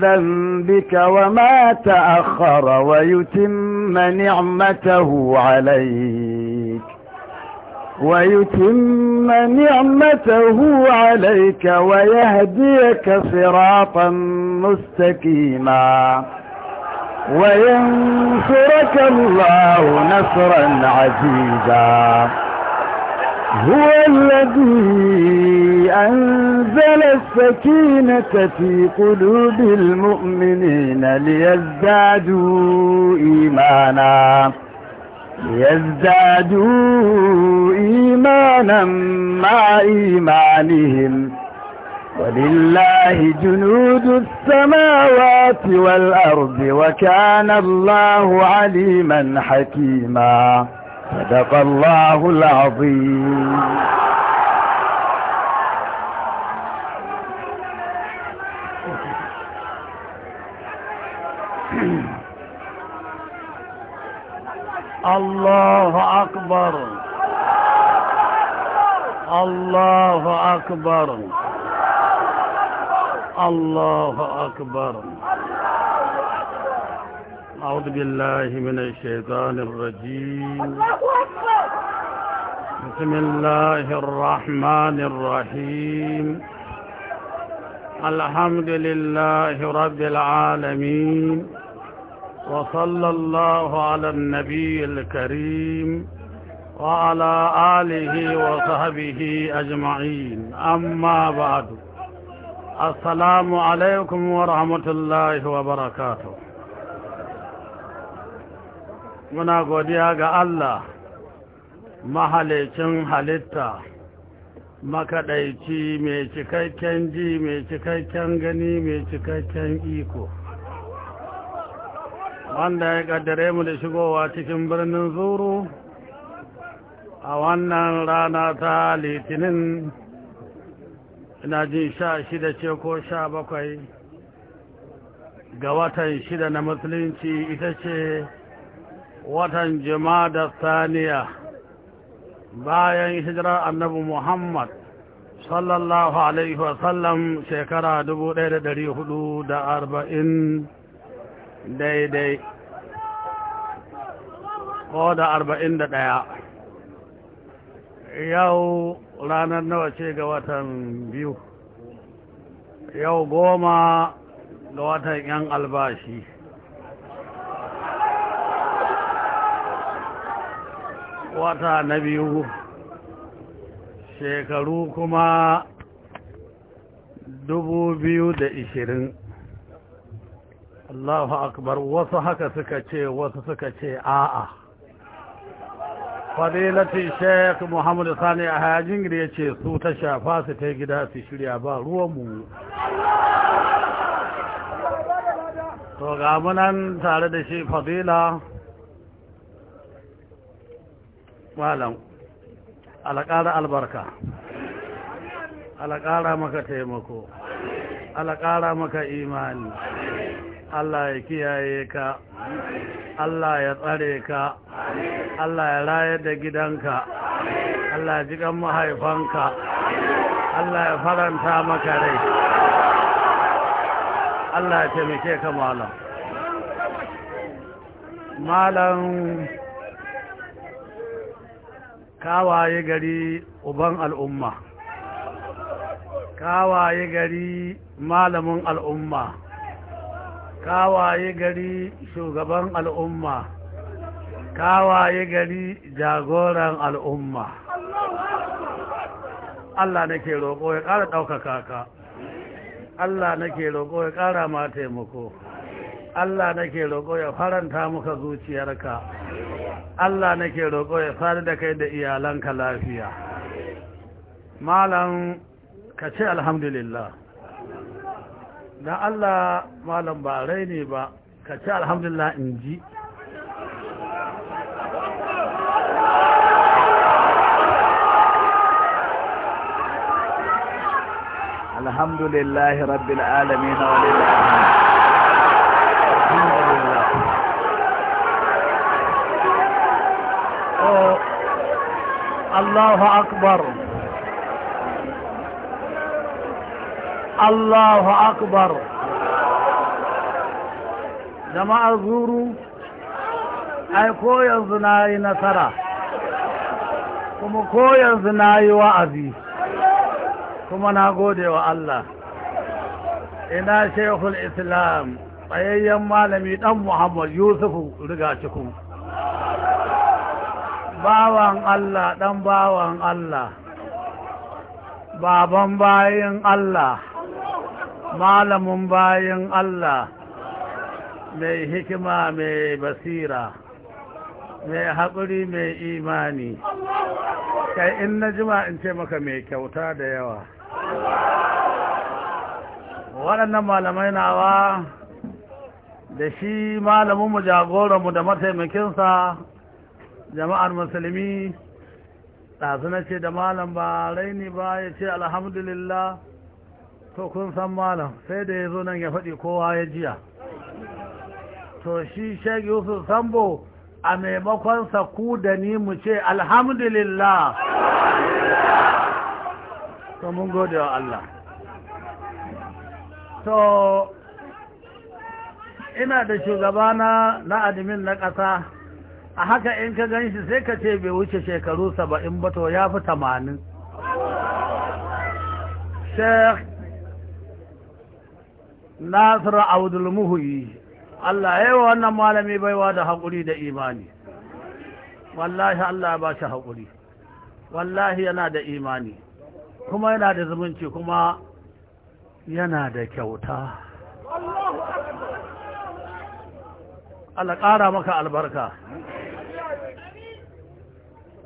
ذنبك وما تأخر ويتم نعمته عليك ويتم نعمته عليك ويهديك صراطا مستقيما وينصرك الله نصرا عزيزا هو الذي أنزل السكينة في قلوب المؤمنين ليزدادوا إيمانا ليزدادوا إيمانا مع إيمانهم ولله جنود السماوات والأرض وكان الله عليما حكيما صدق الله العظيم الله أكبر الله أكبر الله أكبر, الله أكبر. أعوذ بالله من الشيطان الرجيم بسم الله الرحمن الرحيم الحمد لله رب العالمين وصلى الله على النبي الكريم وعلى آله وصحبه أجمعين أما بعد السلام عليكم ورحمة الله وبركاته muna godiya ga Allah mahalicin halitta makaɗaici mai cikakken ji mai cikakken gani mai cikakken iko wanda ya ƙaddare mu da shigowa cikin birnin zuru a wannan rana ta litinin ina jin sha shida ce ko sha bakwai ga watan shida na musulunci ita ce watan jimada saniya bayan hijirar annabi muhammad sallallahu alaihi wasallam shekara 1440 daidai ko da 41 yau ranar nawa ce ga watan biyu yau goma ga watan yan albashi wata na biyu shekaru kuma dubu biyu da ishirin Allahu akbar wasu haka suka ce wasu suka ce a'a fadilati shek muhammadu sani a hajjin ya ce su ta shafa su ta gida su shirya ba ruwanmu to ga munan tare da shi fadila malam alƙara albarka alƙara maka taimako alƙara maka imani Allah ya kiyaye ka Allah ya tsare ka Allah ya rayar da gidanka Allah ya jikan mahaifanka Allah ya faranta maka rai Allah ya taimake ka malam malam kawaye gari uban al'umma kawaye gari malamin al'umma kawaye gari shugaban al'umma kawaye gari jagoran al'umma Allah nake roƙo ya ƙara ɗaukaka ka Allah nake roƙo ya ƙara ma taimako Allah nake roƙo ya faranta muka zuciyarka Allah nake roƙo ya faru da kai da iyalanka lafiya malam ka ce alhamdulillah don Allah malam ba raini ba ka ce alhamdulillah in ji alhamdulillah rabbil alamin wa lillahi الله أكبر الله أكبر جماعة ai ko yanzu na yi nasara kuma ko yanzu na yi wa'azi kuma na gode wa Allah ina shekul islam tsayayyen malami ɗan muhammad yusufu riga cikin bawan Allah ɗan bawan Allah baban bayan Allah malamin bayan Allah mai hikima mai basira mai haƙuri mai imani kai in na jima in ce maka mai kyauta da yawa waɗannan malamai nawa da shi malamin mu jagoranmu da mataimakinsa jama'ar musulmi ɗazu na ce da malam ba raini ba ya ce alhamdulillah to kun san malam sai da ya zo nan ya faɗi kowa ya jiya to shi shek yusuf sambo a maimakon ku da ni mu ce alhamdulillah to mun gode wa Allah to ina da shugabana na admin na ƙasa a haka in ka gan shi sai ka ce bai wuce shekaru saba'in ba to ya fi tamanin sheikh nasiru abdulmuhuyi allah ya yi wa wannan malami baiwa da haƙuri da imani wallahi allah ba shi haƙuri wallahi yana da imani kuma yana da zumunci kuma yana da kyauta Allah ƙara maka albarka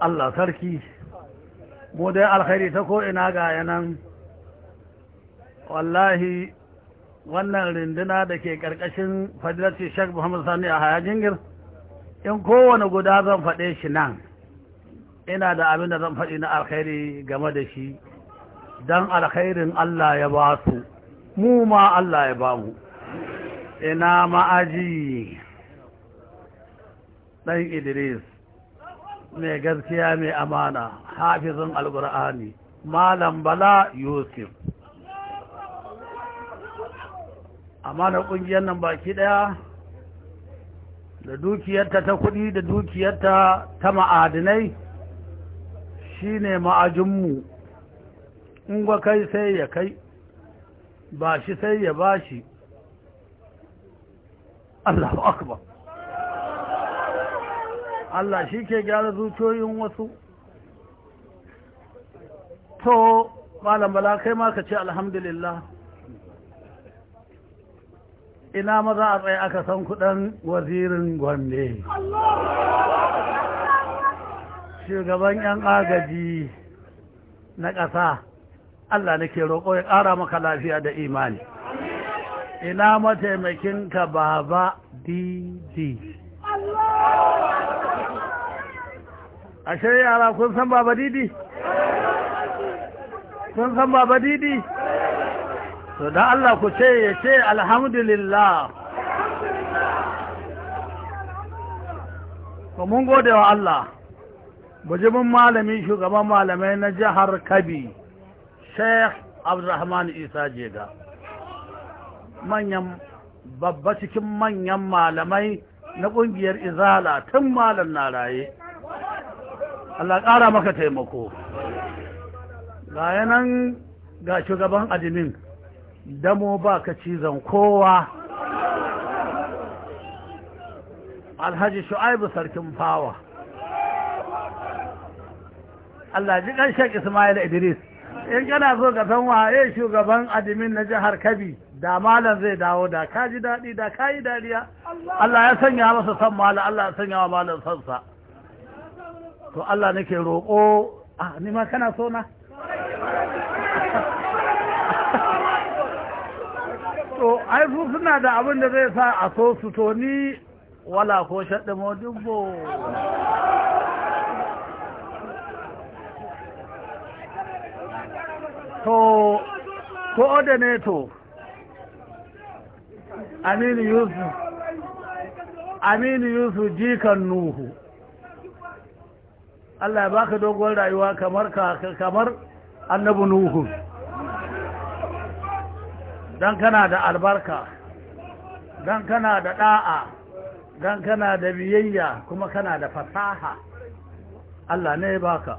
Allah sarki mu dai alkhairi ta ko'ina ga yanan wallahi wannan rinduna da ke ƙarƙashin fadilarci shek muhammad sani a haya jingir in kowane guda zan faɗe shi nan ina da abin da zan faɗi na alkhairi game da shi don alkhairin Allah ya ba su mu ma Allah ya ba mu ina ma'aji ɗan idris mai gaskiya mai amana hafizin alkur'ani malam bala yusuf amana ƙungiyar nan baki ɗaya da dukiyarta ta kuɗi da dukiyarta ta ma'adinai shine ma'ajinmu ingwa kai sai ya kai ba shi sai ya ba shi allahu akbar Allah shi ke gyara zuciyoyin wasu to malam bala kai ma ka ce alhamdulillah ina maza a tsaye aka san kudan wazirin gwamne shugaban 'yan agaji na ƙasa Allah ke roƙo ya ƙara maka lafiya da imani ina mataimakin mataimakinka baba dj ashe yara kun san baba didi kun san baba didi to da Allah ku ce ya ce alhamdulillah to mun gode wa Allah bujimin malami shugaban malamai na jihar kabi sheikh abdurrahman isa jega manyan babba cikin manyan malamai na ƙungiyar izala tun malam na raye Allah ƙara maka taimako ga yanan ga shugaban adimin damo ba ka cizon kowa alhaji shu'aibu sarkin fawa Allah ji kan shek Ismail Idris in kana so ka san waye shugaban adimin na jihar Kabi da malam zai dawo da kaji daɗi da kayi dariya Allah ya sanya masa san mala Allah ya sanya wa malan sansa to Allah nake roƙo ah ni ma kana so na to ai su suna da abin da zai sa a so su to ni wala ko shaɗa modibbo to coordinator aminu yusuf aminu yusuf jikan nuhu Allah ya baka dogon rayuwa kamar kamar annabi nuhu dan kana da albarka dan kana da ɗa'a, dan kana da biyayya kuma kana da fasaha Allah ne ya baka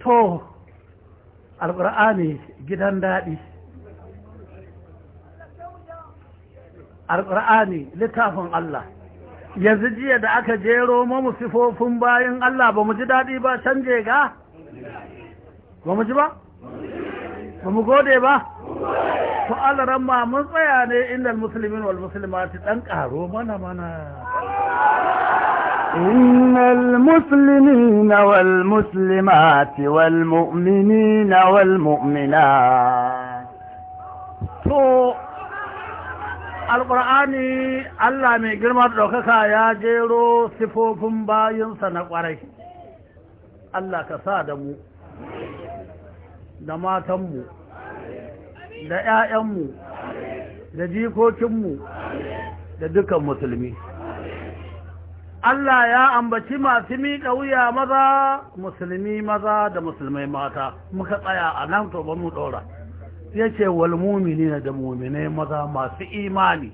to alqur'ani gidan daɗi. Alƙur'ani, littafin Allah yanzu jiya da aka jero mamu sifofin bayan Allah ba mu ji daɗi ba canje ga ba mu ji ba ba mu gode ba to Allah ramma mun tsaya ne innal musulmin wal muslimati dan karo mana mana إن المسلمين والمسلمات والمؤمنين والمؤمنات alkur'ani Allah mai girma da ɗaukaka ya jero sifofin bayinsa na ƙwarai Allah ka sa da mu da matanmu da ‘ya'yanmu da jikokinmu da dukan musulmi Allah ya ambaci masu miƙa wuya maza musulmi maza da musulmai mata muka tsaya a nan to mu ɗora ya ce walmumini da muminai maza masu imani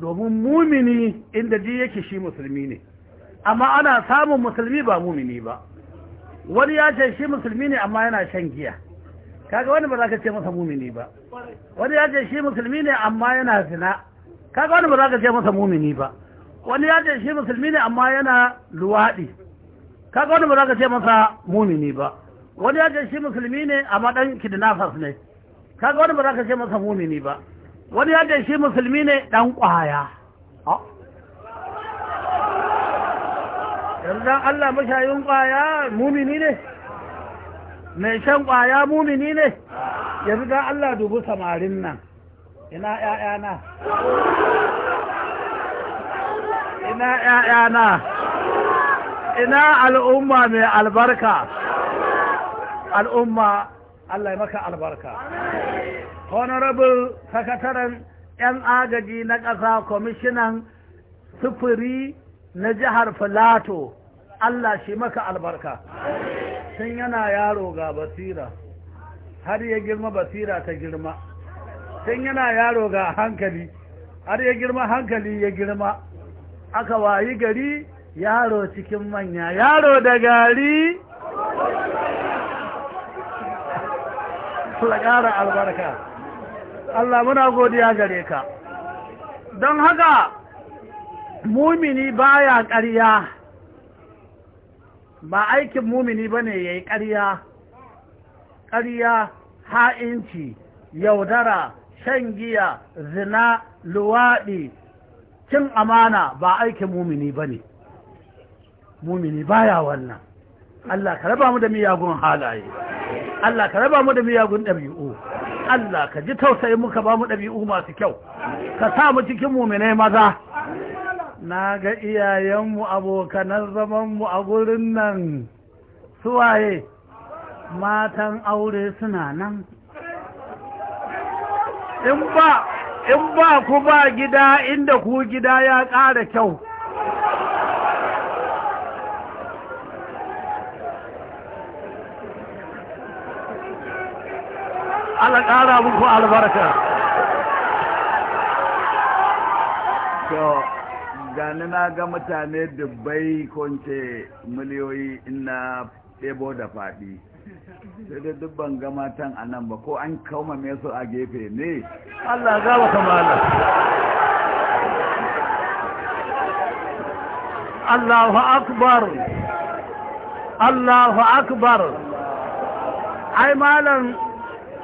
domin mumini inda ji yake shi musulmi ne amma ana samun musulmi ba mumini ba wani ya ce shi musulmi ne amma yana shan giya kaga wani ba za ka ce masa mumini ba wani ya ce shi musulmi ne amma yana zina kaga wani ba za ka ce masa mumini ba wani ya ce shi musulmi ne amma yana luwaɗi kaga wani ba za ka ce masa mumini ba wani ya ce shi musulmi ne amma madan kidnappers ne kaga wani ba za ka ce masa mumini ba wani ya ce shi musulmi ne dan kwaya yanzu Allah mashayin kwaya mumini ne mai shan kwaya mumini ne yanzu dan Allah dubu samarin nan ina ƴaƴana ina ƴaƴana ina al'umma mai albarka al'umma Allah ya maka albarka honorable sakataren 'yan agaji na ƙasa kwamishinan sufuri na jihar filato Allah shi maka albarka tun yana yaro ga basira har ya girma basira ta girma tun yana yaro ga hankali har ya girma hankali ya girma aka wayi gari yaro cikin manya yaro da gari Allah ƙara albarka Allah muna godiya gare ka don haka mumini baya ƙarya ba aikin mumini ya yi ƙarya ƙarya ha'inci yaudara shan giya zina luwaɗi cin amana ba aikin mumini ne mumini baya wannan Allah ka raba mu da miyagun halaye Allah ka raba mu da miyagun ɗabi'u Allah ka ji tausayin muka ba mu ɗabi'u masu kyau ka sa mu cikin muminai maza na ga iyayenmu abokanan zamanmu a gurin nan suwaye matan aure suna nan in ba ku ba gida inda ku gida ya ƙara kyau Allah ƙara muku albarka to gani na ga mutane dubbai konce miliyoyi ina ɗebo da faɗi sai dai dubban gamatan a nan ba ko an kaumame su a gefe ne Allah wata kamala Allahu akbar Allahu akbar ai malam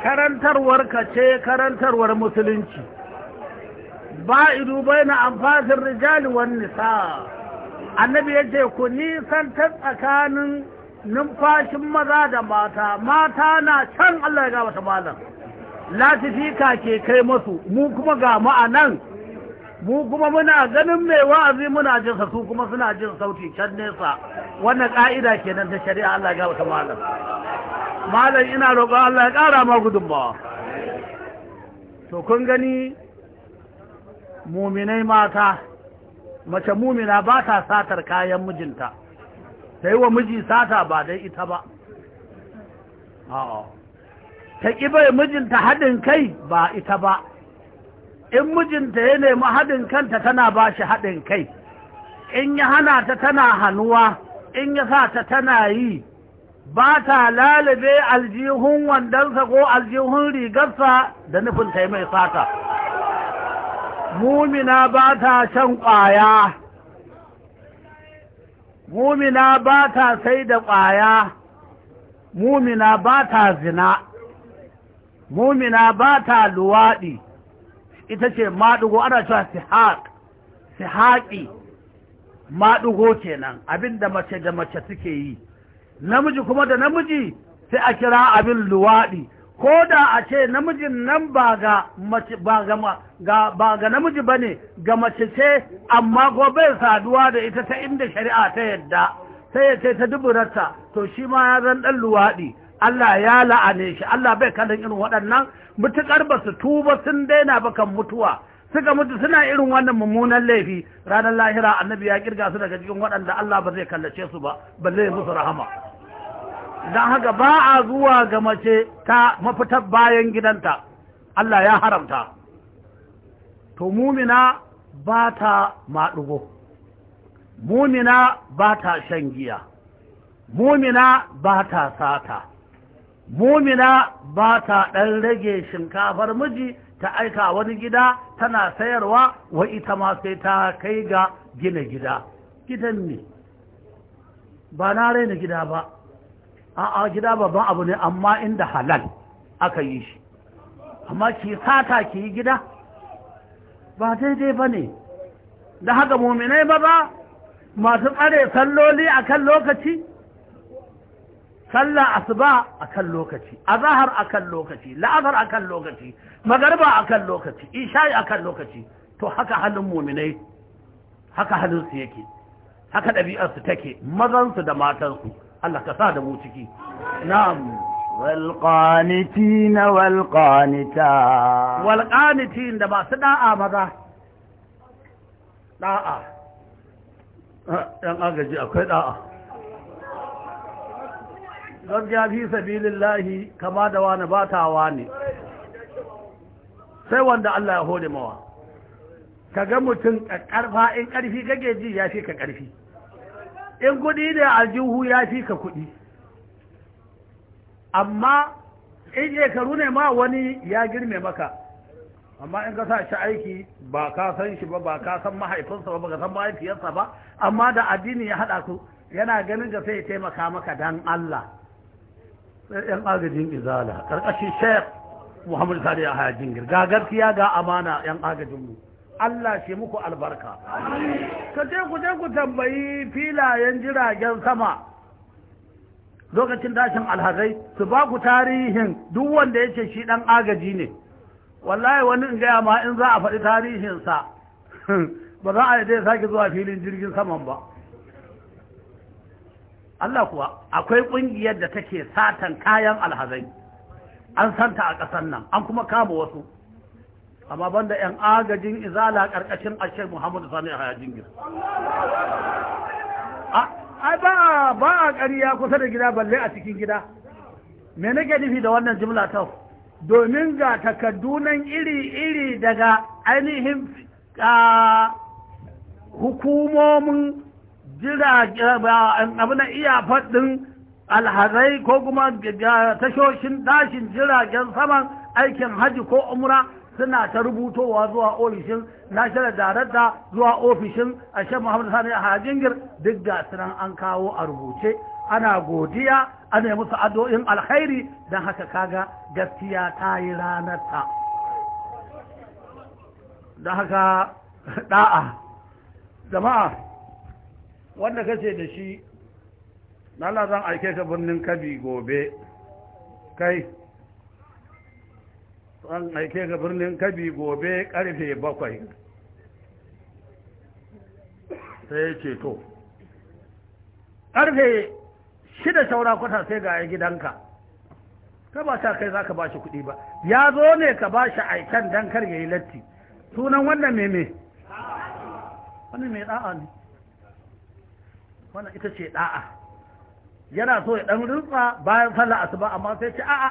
karantarwar ka ce karantarwar musulunci ba'idu na anfasir rijali wan nisa annabi yace ku nisan ta tsakanin numfashin maza da mata mata na can Allah ya ta malam latifika ke kai masu mu kuma ga ma'anan mu kuma muna ganin mai wa'azi muna jin su kuma suna jin sauti can nesa wannan ka'ida kenan ta shari'a Allah ya ta malam malam ina roƙon Allah ya ƙara ma gudunmawa to kun gani muminai mata mace mumina ba ta satar kayan mijinta ta yi wa miji sata ba dai ita ba ta ƙi bai mijinta haɗin kai ba ita ba in mijinta ya nemi haɗin kanta tana ba shi haɗin kai in ya hana ta tana hannuwa in ya sa ta tana yi ba ta lalabe aljihun wandonsa ko aljihun rigarsa da nufin ta mai sata mumina ba ta shan ƙwaya mumina ba ta sai da ƙwaya mumina ba ta zina mumina ba ta luwaɗi ita ce maɗugo ana cewa sihaƙ sihaƙi maɗugo kenan abinda mace da mace suke yi namiji kuma da namiji sai a kira abin luwaɗi ko da a ce namijin nan ba ga mace ba ga ga ba ga ga namiji bane mace ce amma ko bai saduwa da ita ta inda shari'a ta yadda sai ya ce ta duburarta to shi ma ya zan ɗan luwaɗi Allah ya la'ane shi Allah bai kallon irin waɗannan mutukar ba su tuba sun daina ba kan mutuwa suka mutu suna irin wannan mummunan laifi ranar lahira annabi ya kirga su daga cikin waɗanda Allah ba zai kallace su ba balle musu rahama don haka ba a zuwa ga mace ta mafitar bayan gidanta Allah ya haramta to mumina ba ta maɗugo mumina ba ta shan giya mumina ba ta sata mumina ba ta ɗan rage shinkafar miji ta aika wani gida tana sayarwa wa ita ma sai ta kai ga gina gida gidan ne ba na raina gida ba a'a gida babban abu ne amma inda halal aka yi shi amma ki sata ki yi gida ba daidai ba ne da haka muminai ba ba masu tsare salloli a kan lokaci sallah asuba a kan lokaci azahar a kan lokaci la'azar a kan lokaci magarba a kan lokaci isha'i a kan lokaci to haka halin muminai haka halinsu yake haka ɗabi'arsu take mazansu da matansu Allah ka sa da mu ciki na'am wal na wal qanita wal qanitin da masu da'a maza da'a dan agaji akwai da'a gaskiya fi sabilillahi kama da wani batawa ne sai wanda Allah ya hode mawa ka ga mutum ƙarfa in ƙarfi gageji ji ya fi ka ƙarfi in kuɗi ne aljihu ya fi ka kuɗi amma in shekaru ne ma wani ya girme maka amma in ka sa shi aiki ba ka san shi ba ba ka san mahaifinsa ba ba ka san mahaifiyarsa ba amma da addini ya haɗa ku yana ganin da sai taimaka maka dan Allah sai ɗan agajin izala ƙarƙashin shef muhammadu sadiya hajjingir ga ya ga amana ɗan agajinmu Allah shi muku albarka ka je ku je ku tambayi filayen jiragen sama lokacin tashin alhazai su ba ku tarihin duk wanda yake shi ɗan agaji ne wallahi wani in gaya ma in za a faɗi tarihinsa ba za a yi zai sake zuwa filin jirgin saman ba Allah kuwa akwai ƙungiyar da take satan kayan alhazai an santa a ƙasar nan an kuma kama wasu amma banda yan agajin izala karkashin ashe muhammadu sani a hayajin gina ai ba ba a ƙarya kusa da gida balle a cikin gida me nake nufi da wannan jimla ta domin ga takaddunan iri-iri daga ainihin hukumomin abin iya faɗin alhazai ko kuma tashoshin dashin jiragen saman aikin hajji ko umra suna ta rubutowa zuwa ofishin national director zuwa ofishin ashe muhammad sani hajjingir duk ga sunan an kawo a rubuce ana godiya ana yi musu addu'o'in alkhairi don haka kaga gaskiya ta yi ranar ta don haka da'a jama'a wanda kace da shi na zan aike ka birnin kabi gobe kai an aike ga birnin kabi gobe karfe bakwai sai ce to karfe shida saura kwata sai ga ya gidanka ka ba sa kai za ka ba shi kuɗi ba ya zo ne ka ba shi aikan don kar ya yi latti sunan wannan meme Wani mai da'a ne wannan ita ce da'a yana so ya ɗan rufa bayan sallar asuba amma sai ce a'a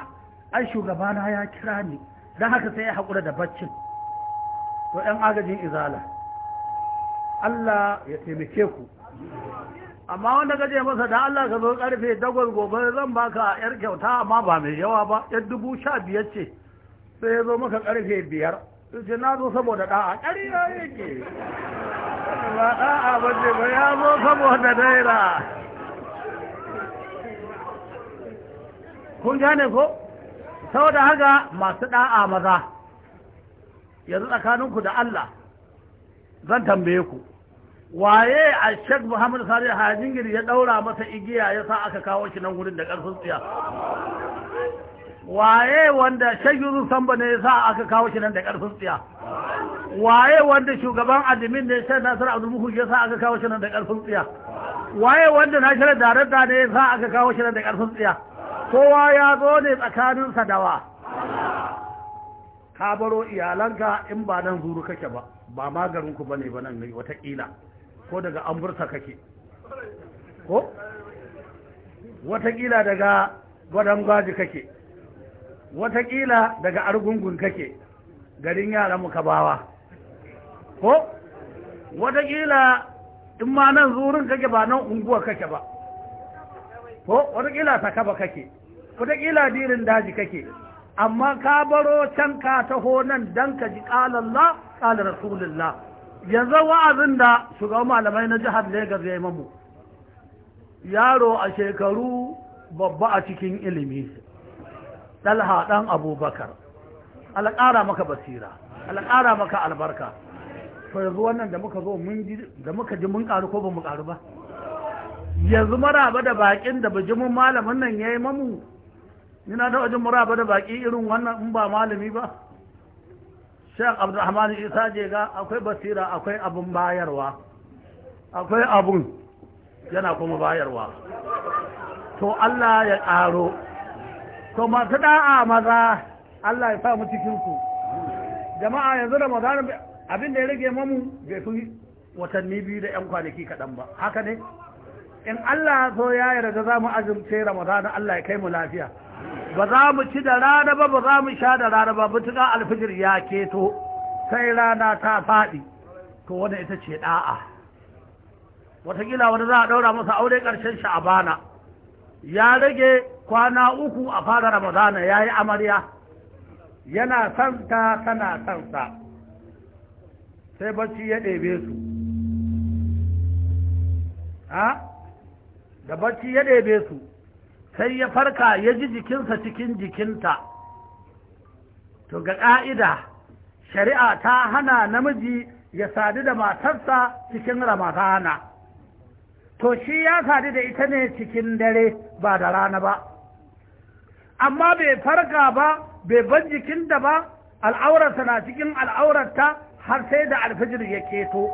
ai shugabana ya kira ni don haka sai ya haƙura da baccin to 'yan agajin izala Allah ya taimake ku amma wanda gaje masa da Allah ka zo karfe dagwal gobe zan baka yar kyauta amma ba mai yawa ba yar dubu sha biyar ce sai ya zo maka karfe biyar ce na zo saboda da'a ƙarya yake ba da'a ba ce ba ya zo saboda naira kun gane ko saboda haka masu da'a maza yanzu tsakaninku da Allah zan tambaye ku waye a Sheikh Muhammad Sani Hajingir ya daura masa igiya ya sa aka kawo shi nan gurin da karfin tsiya waye wanda Sheikh Yusuf Samba ne ya sa aka kawo shi nan da karfin tsiya waye wanda shugaban admin ne Sheikh Nasir Abdul ya sa aka kawo shi nan da karfin tsiya waye wanda darar da ne ya sa aka kawo shi nan da karfin tsiya kowa ya zo ne tsakaninsa da wa ka baro iyalanka in ba nan zuru kake ba ba maganinku ba ne ba nan watakila ko daga bursa kake ko watakila daga gwadon gwaji kake watakila daga argungun kake garin yaran muka bawa ko watakila in ma nan zurin kake ba nan unguwa kake ba ko watakila kaba kake wataƙila dirin daji kake amma ka baro can ka taho nan dan ka ji ƙalallah ƙalar rasulullah yanzu wa'azin da shugaban malamai na jihar Legas ya yi mamu yaro a shekaru babba a cikin ilimi dalha ɗan abubakar alƙara maka basira alƙara maka albarka to yanzu wannan da muka zo mun ji da muka ji mun ƙaru ko ba mu ƙaru ba yanzu maraba da baƙin da bijimin malamin nan ya yi mamu yana da wajen muraba da baki irin wannan in ba malami ba shek abdulrahman isa je ga akwai basira akwai abun bayarwa akwai abun yana kuma bayarwa to Allah ya ƙaro to masu da'a maza Allah ya sa mu cikinku jama'a yanzu da maza abin da ya rage mamu bai fi watanni biyu da 'yan kwanaki kaɗan ba haka ne in Allah so ya yarda za mu azumce ramadana Allah ya kai mu lafiya ba za mu ci da rana ba ba za mu sha da rana ba mutuka alfijir ya keto sai rana ta faɗi to wani ita ce ɗa'a watakila wani za a ɗaura masa aure ƙarshen sha'abana ya rage kwana uku a fara ramadana ya yi amarya yana santa tana sansa sai bacci ya ɗebe su ha da bacci ya ɗebe su sai ya farka ya ji jikinsa cikin jikinta to ga ƙa'ida shari'a ta hana namiji ya sadu da matarsa cikin ramadana to shi ya sadu da ita ne cikin dare ba da rana ba amma bai farka ba bai bar jikinta ba al'aurarsa na cikin al'aurarta har sai da alfijir ya keto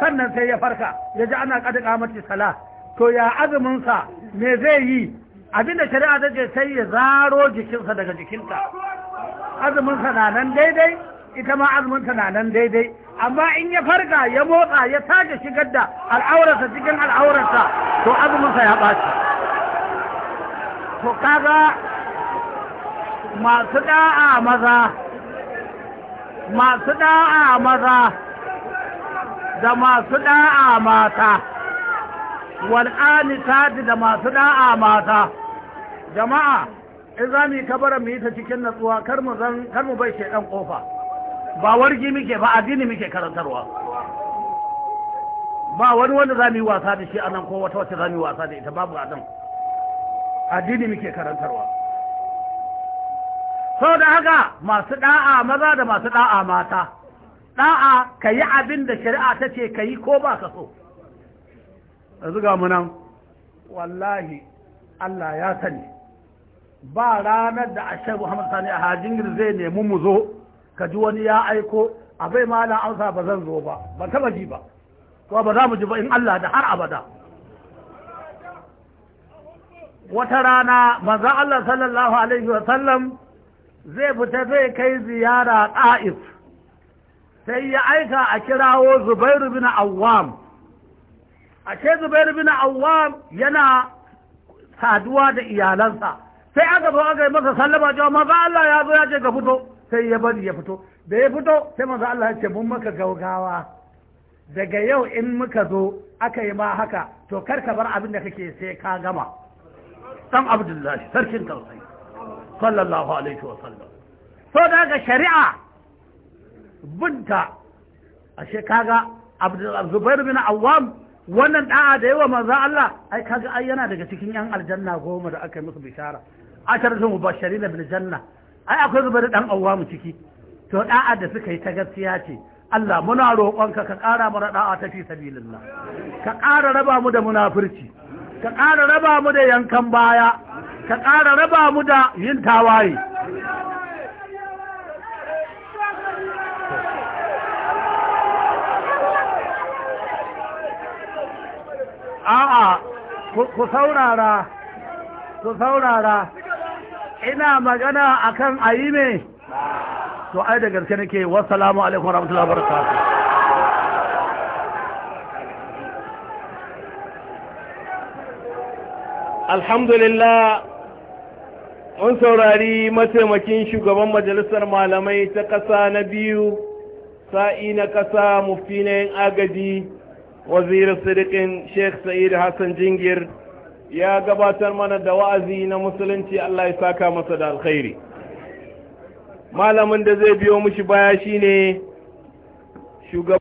sannan sai ya farka ya ji ana ƙadika mace sala to ya azuminsa me zai yi abinda shari'a ta ce sai ya zaro jikinsa daga jikinta azuminsa na nan daidai ita ma azuminsa na nan daidai amma in ya farka ya motsa ya sake shigar da al'aurarsa cikin al'aurarsa to azuminsa ya ɓaci to kaga masu da'a maza masu da'a maza da masu da'a mata wal'ani da masu da'a mata jama'a in za mu yi kabara mu yi ta cikin natsuwa kar mu zan kar mu bai shaidan kofa ba wargi muke ba addini muke karantarwa ba wani wanda za mu yi wasa da shi a nan ko wata wacce za mu yi wasa da ita babu a nan addini muke karantarwa sau da haka masu da'a maza da masu da'a mata da'a ka yi abin da shari'a ta ce ka yi ko ba ka so a zuga nan wallahi Allah ya sani ba ranar da a shaibu muhammad sani a hajjin zai nemi mu zo ka ji wani ya aiko a bai malam amsa ba zan zo ba ban taba ji ba kuma ba za mu ji ba in allah da har abada wata rana maza allah sallallahu alaihi wa sallam zai fita zai kai ziyara ta'if sai ya aika a kirawo zubairu bin awwam a ce zubairu bin awwam yana saduwa da iyalansa sai aka zo aka yi masa sallama cewa maza Allah ya zo ya ce ka fito sai ya bari ya fito da ya fito sai maza Allah ya ce mun maka gaugawa daga yau in muka zo aka yi ma haka to kar ka bar abin da kake sai ka gama dan Abdullahi sarkin tausayi sallallahu alaihi wa sallam so daga shari'a bunta a kaga Abdul bin Awwam wannan da'a da yawa maza Allah ai kaga ai yana daga cikin yan aljanna goma da aka yi musu bishara asharatu mubashirin bin janna ai akwai zubar dan mu ciki to da'a da suka yi ta gaskiya ce Allah muna roƙonka ka ƙara mana da'a ta fi sabilillah ka ƙara raba mu da munafurci ka ƙara raba mu da yankan baya ka ƙara raba mu da yin tawaye a'a ku saurara ku saurara ina magana akan ayi me to ai da gaske nake wassalamu alaikum warahmatullahi wabarakatuh alhamdulillah mun saurari mataimakin shugaban majalisar malamai ta ƙasa na biyu sa'i na ƙasa mufti na yin agaji wazirin sirikin sheikh sa'id hassan jingir ya gabatar mana da wa'azi na musulunci Allah ya saka masa da alkhairi malamin da zai biyo mushi baya shine shugaban